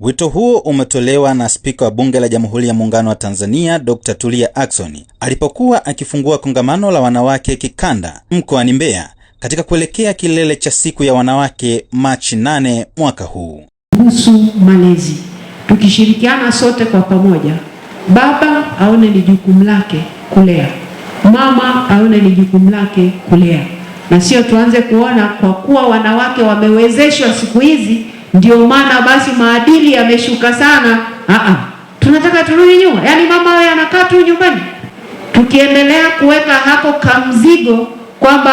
Wito huo umetolewa na spika wa bunge la Jamhuri ya Muungano wa Tanzania Dr. Tulia Ackson alipokuwa akifungua kongamano la wanawake kikanda mkoani Mbeya katika kuelekea kilele cha siku ya wanawake Machi 8 mwaka huu. Kuhusu malezi, tukishirikiana sote kwa pamoja, baba aone ni jukumu lake kulea, mama aone ni jukumu lake kulea, na sio tuanze kuona kwa kuwa wanawake wamewezeshwa siku hizi ndio maana basi maadili yameshuka sana. Aa, tunataka turudi nyuma, yaani mama wewe anakaa tu nyumbani, tukiendelea kuweka hapo kamzigo kwamba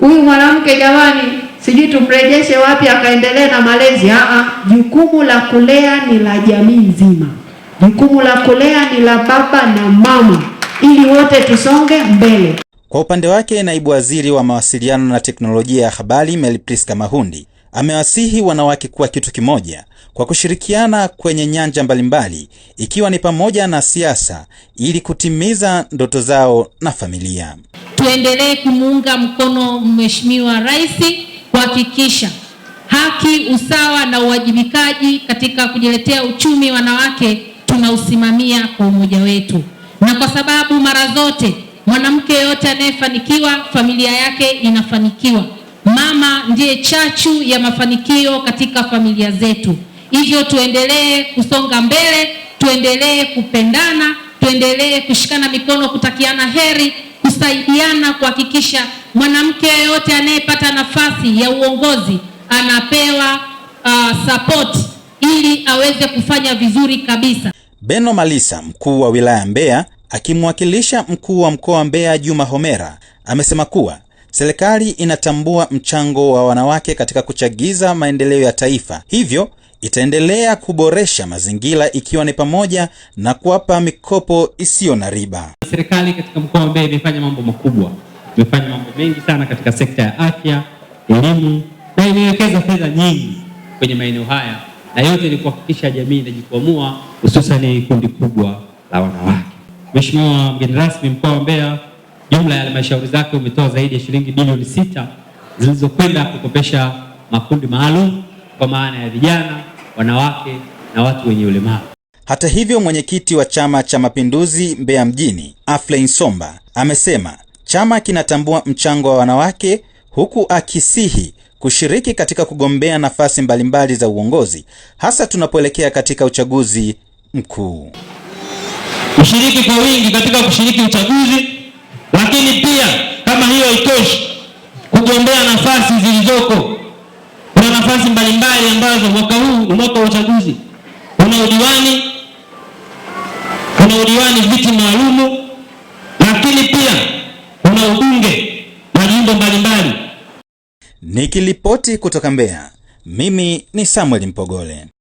huyu mwanamke jamani, sijui tumrejeshe wapi akaendelee na malezi. Aa, jukumu la kulea ni la jamii nzima, jukumu la kulea ni la baba na mama, ili wote tusonge mbele. Kwa upande wake, naibu waziri wa mawasiliano na teknolojia ya habari Maryprisca Mahundi Amewasihi wanawake kuwa kitu kimoja kwa kushirikiana kwenye nyanja mbalimbali ikiwa ni pamoja na siasa ili kutimiza ndoto zao na familia. Tuendelee kumuunga mkono Mheshimiwa Rais kuhakikisha haki, usawa na uwajibikaji katika kujiletea uchumi wanawake tunausimamia kwa umoja wetu, na kwa sababu mara zote mwanamke yeyote anayefanikiwa familia yake inafanikiwa. Mama ndiye chachu ya mafanikio katika familia zetu, hivyo tuendelee kusonga mbele, tuendelee kupendana, tuendelee kushikana mikono, kutakiana heri, kusaidiana kuhakikisha mwanamke yeyote anayepata nafasi ya uongozi anapewa uh, support ili aweze kufanya vizuri kabisa. Beno Malisa, mkuu wa wilaya Mbeya, akimwakilisha mkuu wa mkoa wa Mbeya Juma Homera, amesema kuwa Serikali inatambua mchango wa wanawake katika kuchagiza maendeleo ya taifa, hivyo itaendelea kuboresha mazingira ikiwa ni pamoja na kuwapa mikopo isiyo na riba. Serikali katika mkoa wa Mbeya imefanya mambo makubwa, imefanya mambo mengi sana katika sekta ya afya, elimu na imewekeza fedha nyingi kwenye maeneo haya, na yote ni kuhakikisha jamii inajikwamua, hususani kundi kubwa la wanawake. Mheshimiwa mgeni rasmi, mkoa wa Mbeya Jumla ya halmashauri zake umetoa zaidi ya shilingi bilioni sita zilizokwenda kukopesha makundi maalum kwa maana ya vijana, wanawake na watu wenye ulemavu. Hata hivyo, mwenyekiti wa Chama cha Mapinduzi Mbeya mjini, Aflein Somba amesema chama kinatambua mchango wa wanawake huku akisihi kushiriki katika kugombea nafasi mbalimbali za uongozi hasa tunapoelekea katika uchaguzi mkuu. Ushiriki kwa wingi katika kushiriki uchaguzi lakini pia kama hiyo haitoshi, kugombea nafasi zilizoko, kuna nafasi mbalimbali ambazo mwaka huu, mwaka wa uchaguzi, kuna udiwani, kuna udiwani viti maalumu, lakini pia kuna ubunge na jimbo mbalimbali. Nikilipoti kutoka Mbeya, mimi ni Samuel Mpogole.